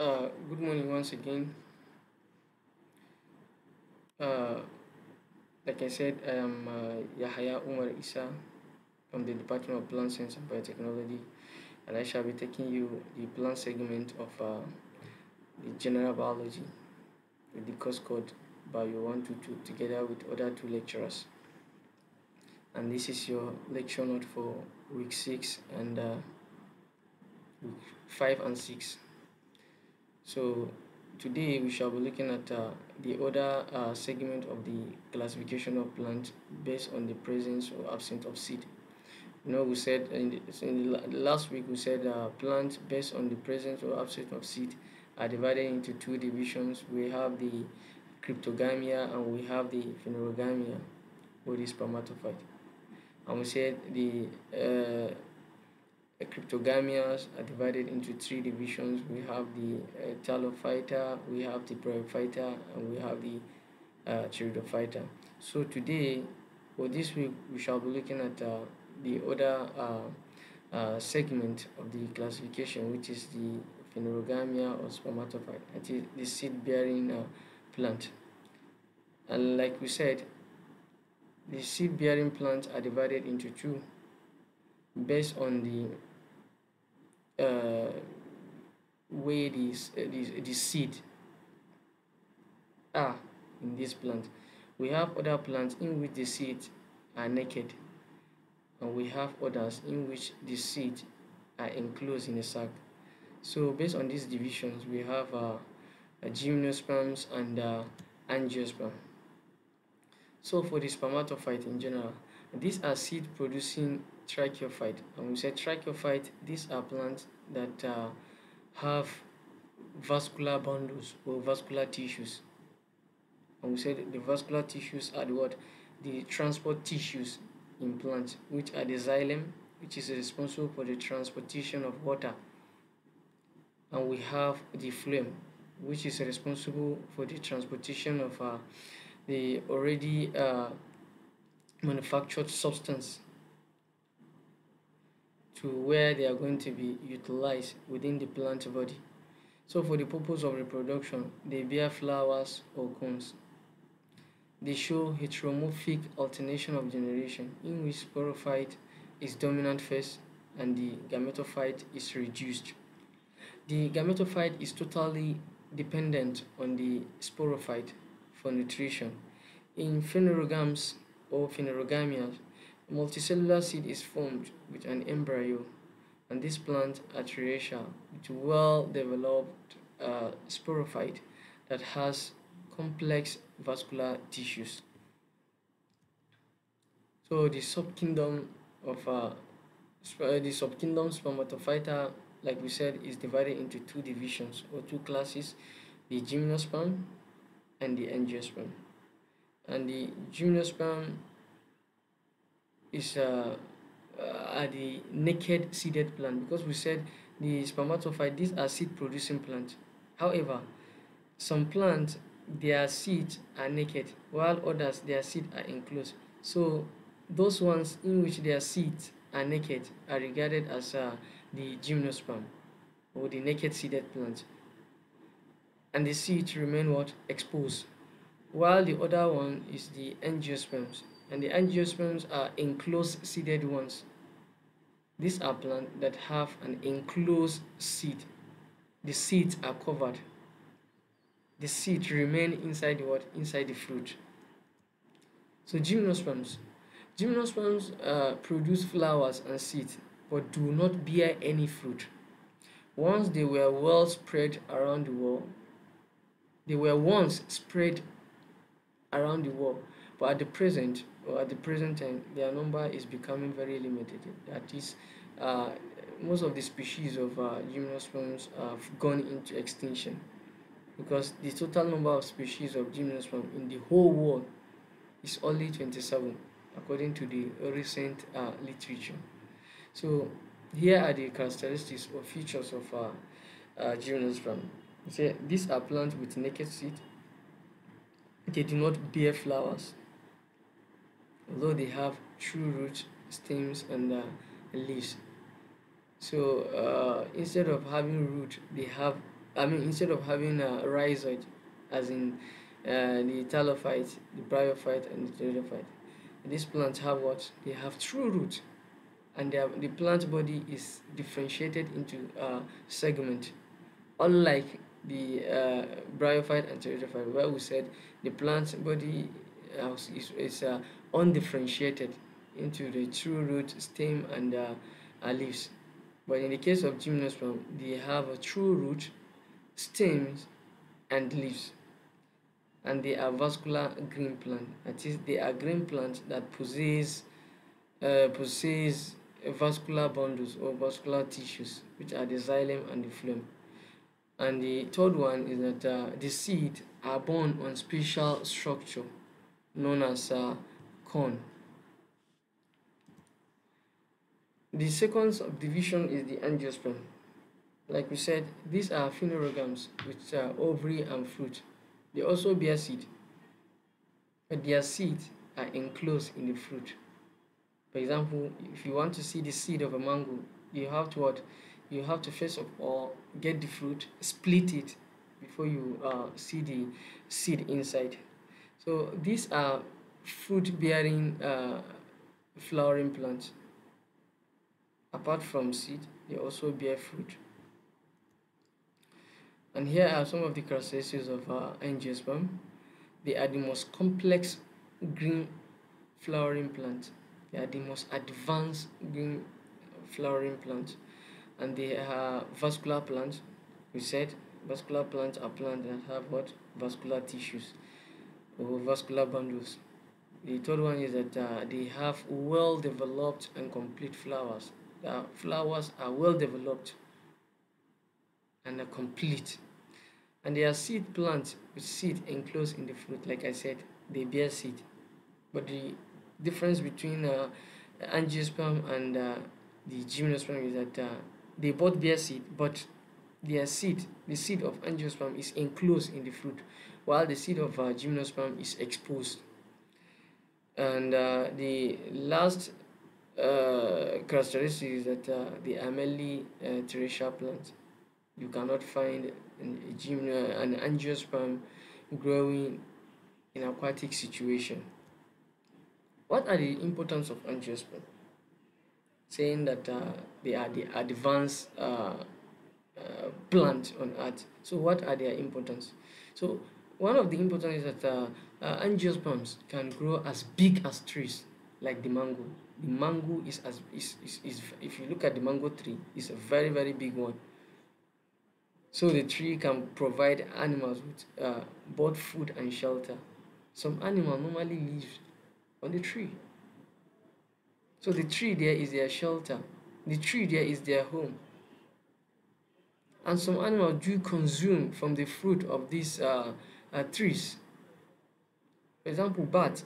Uh, good morning once again. Uh, like I said, I am uh, Yahya Umar Isa from the Department of Plant Science and Biotechnology, and I shall be taking you the plant segment of uh, the general biology with the course code Bio 122 together with other two lecturers. And this is your lecture note for week 6 and uh, week 5 and 6. So today we shall be looking at uh, the other uh, segment of the classification of plants based on the presence or absence of seed. You know, we said in, the, in the last week we said uh, plants based on the presence or absence of seed are divided into two divisions. We have the cryptogamia and we have the phenerogamia with the spermatophyte. And we said the uh, uh, cryptogamias are divided into three divisions. We have the uh, fighter, we have the bryophyta, and we have the uh, fighter. So today, for this week, we shall be looking at uh, the other uh, uh segment of the classification, which is the phanerogamia or spermatophyte, that is the seed-bearing uh, plant. And like we said, the seed-bearing plants are divided into two based on the uh, where this, uh, this, uh, this seed are in this plant. We have other plants in which the seeds are naked and we have others in which the seeds are enclosed in a sac. So based on these divisions, we have uh, gymnosperms and uh, angiosperm. So for the spermatophyte in general, these are seed producing tracheophyte. When we say tracheophyte, these are plants that uh, have vascular bundles or vascular tissues. And we said the vascular tissues are the what? The transport tissues in plants, which are the xylem, which is responsible for the transportation of water. And we have the phloem, which is responsible for the transportation of uh, the already uh, manufactured substance to where they are going to be utilized within the plant body. So for the purpose of reproduction, they bear flowers or cones. They show heteromorphic alternation of generation in which sporophyte is dominant first and the gametophyte is reduced. The gametophyte is totally dependent on the sporophyte for nutrition. In phenerogams or phenerogamias, multicellular seed is formed with an embryo, and this plant Atriaceae with a well-developed uh, sporophyte that has complex vascular tissues. So the subkingdom of uh, uh the subkingdom spermatophyta, like we said, is divided into two divisions or two classes, the gymnosperm and the angiosperm. And the gymnosperm is uh, uh, the naked seeded plant because we said the spermatophyte these are seed producing plants however some plants their seeds are naked while others their seeds are enclosed so those ones in which their seeds are naked are regarded as uh, the gymnosperm or the naked seeded plant and the seeds remain what exposed while the other one is the angiosperms and the angiosperms are enclosed seeded ones. These are plants that have an enclosed seed. The seeds are covered. The seeds remain inside the what? Inside the fruit. So gymnosperms. Gymnosperms uh, produce flowers and seeds but do not bear any fruit. Once they were well spread around the world, they were once spread around the world, but at the present well, at the present time, their number is becoming very limited. That is, uh, most of the species of uh, gymnosperms have gone into extinction because the total number of species of gymnosperm in the whole world is only 27 according to the recent uh, literature. So here are the characteristics or features of uh, uh, gymnosperm. So these are plants with naked seed. They do not bear flowers although they have true roots, stems, and uh, leaves. So uh, instead of having root, they have, I mean, instead of having a uh, rhizoid, as in uh, the talophyte, the bryophyte, and the pteridophyte, these plants have what? They have true roots, and have, the plant body is differentiated into uh, segment, unlike the uh, bryophyte and pteridophyte, where we said the plant body it's is, is uh, undifferentiated into the true root, stem, and uh, uh leaves. But in the case of gymnosperm, they have a true root, stems, and leaves. And they are vascular green plant. That is, they are green plants that possess uh, possess vascular bundles or vascular tissues, which are the xylem and the phloem. And the third one is that uh, the seed are born on special structure known as uh, corn. The second subdivision is the angiosperm. Like we said, these are phenerogams, which are uh, ovary and fruit. They also bear seed, but their seeds are enclosed in the fruit. For example, if you want to see the seed of a mango, you have to what? You have to first of all get the fruit, split it before you uh, see the seed inside. So these are fruit-bearing uh, flowering plants. Apart from seed, they also bear fruit. And here are some of the characteristics of angiosperms. angiosperm. They are the most complex green flowering plants. They are the most advanced green flowering plants. And they are vascular plants. We said vascular plants are plants that have what? Vascular tissues vascular bundles. The third one is that uh, they have well developed and complete flowers. The uh, flowers are well developed and are complete. And they are seed plants with seed enclosed in the fruit. Like I said, they bear seed. But the difference between uh, angiosperm and uh, the gymnosperm is that uh, they both bear seed, but their seed, the seed of angiosperm, is enclosed in the fruit, while the seed of uh, gymnosperm is exposed. And uh, the last uh, characteristic is that uh, the Amelie uh, plant, you cannot find an, a gymno, uh, an angiosperm growing in aquatic situation. What are the importance of angiosperm? Saying that they are the advanced uh, plant on earth so what are their importance so one of the important is that uh, uh, angiosperms can grow as big as trees, like the mango. The mango is as is, is, is if you look at the mango tree, it's a very very big one. So the tree can provide animals with uh, both food and shelter. Some animal normally live on the tree. So the tree there is their shelter. The tree there is their home. And some animals do consume from the fruit of this uh, are trees. For example, bats.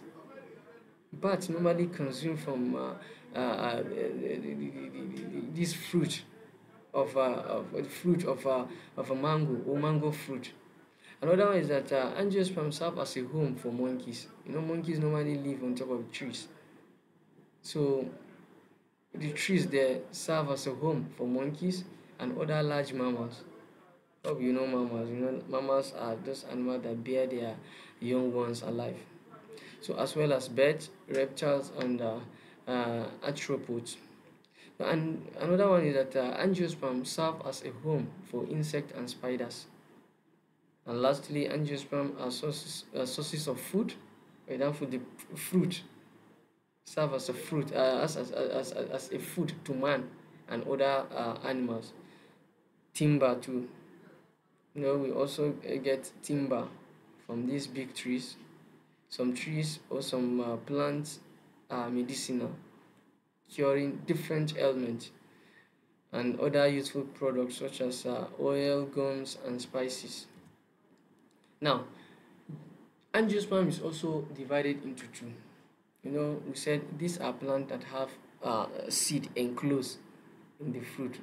Bats normally consume from uh, uh, uh this fruit of, uh, of fruit of, uh, of a mango or mango fruit. Another one is that uh, angiosperm serve as a home for monkeys. You know, monkeys normally live on top of trees. So the trees there serve as a home for monkeys and other large mammals. Hope you know mamas, You know, mamas are those animals that bear their young ones alive. So as well as birds, reptiles, and uh, uh, arthropods. And another one is that uh, angiosperms serve as a home for insects and spiders. And lastly, angiosperms are sources, uh, sources of food. Without food, the fruit serve as a fruit, uh, as, as, as, as a food to man and other uh, animals. Timber too you know we also eh, get timber from these big trees some trees or some uh, plants are medicinal curing different ailments and other useful products such as uh, oil gums and spices now angiosperm is also divided into two you know we said these are plants that have uh, seed enclosed in the fruit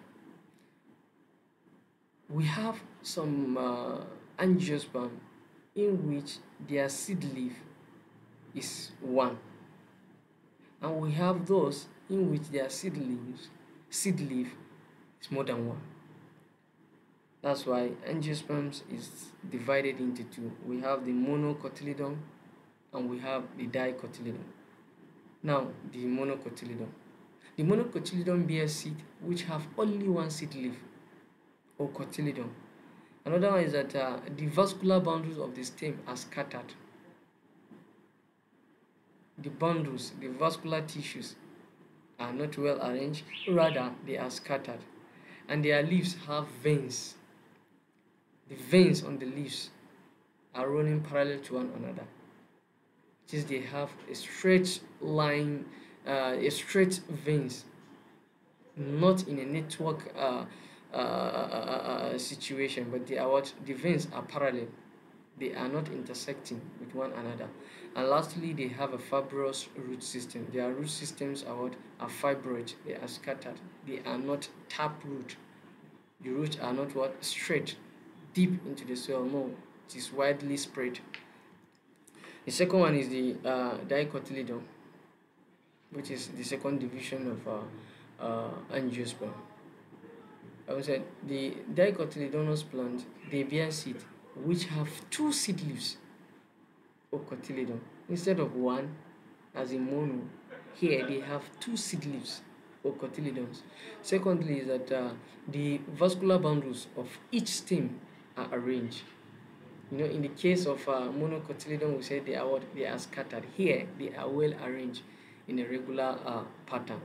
we have some uh, angiosperm in which their seed leaf is one and we have those in which their seed leaves seed leaf is more than one that's why angiosperms is divided into two we have the monocotyledon and we have the dicotyledon now the monocotyledon the monocotyledon bears seed which have only one seed leaf or oh, cotyledon. Another one is that uh, the vascular boundaries of the stem are scattered. The boundaries, the vascular tissues are not well arranged, rather they are scattered. And their leaves have veins. The veins on the leaves are running parallel to one another. since they have a straight line, uh, a straight veins, not in a network uh, uh, uh, uh, uh, situation, but they are what the veins are parallel. They are not intersecting with one another. And lastly, they have a fibrous root system. Their root systems are what are fibroid. They are scattered. They are not taproot. The roots are not what straight deep into the soil. No, it is widely spread. The second one is the uh, dicotyledon, which is the second division of uh, uh, angiosperm. I would say the dicotyledonous plant, they bear seed, which have two seed leaves of cotyledon instead of one, as in mono. Here they have two seed leaves of cotyledons. Secondly, is that uh, the vascular bundles of each stem are arranged. You know, in the case of uh, monocotyledon, we say they are what they are scattered. Here they are well arranged in a regular uh, pattern.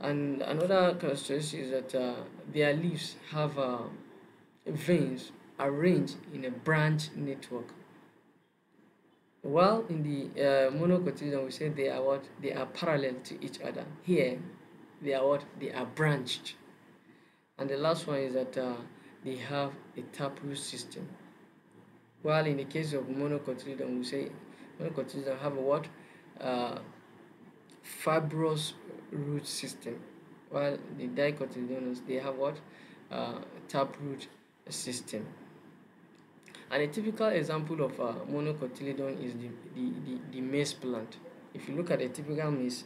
And another characteristic is that uh, their leaves have uh, veins arranged in a branch network. While in the uh, monocotyledon, we say they are what they are parallel to each other. Here, they are what they are branched. And the last one is that uh, they have a taproot system. While in the case of monocotyledon, we say monocotyledon have a what uh, fibrous root system while the dicotyledonous they have what uh, taproot system and a typical example of a uh, monocotyledon is the, the, the, the maize plant if you look at a typical maize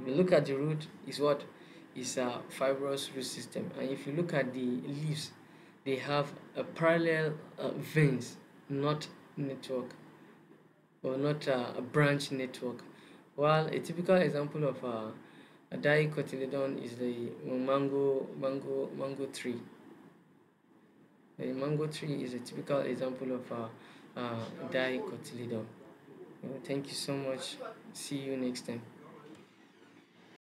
if you look at the root is what is a fibrous root system and if you look at the leaves they have a parallel uh, veins not network or not uh, a branch network well, a typical example of a, uh, a dicotyledon is the mango, mango, mango tree. The mango tree is a typical example of a, uh, a uh, dicotyledon. Thank you so much. See you next time.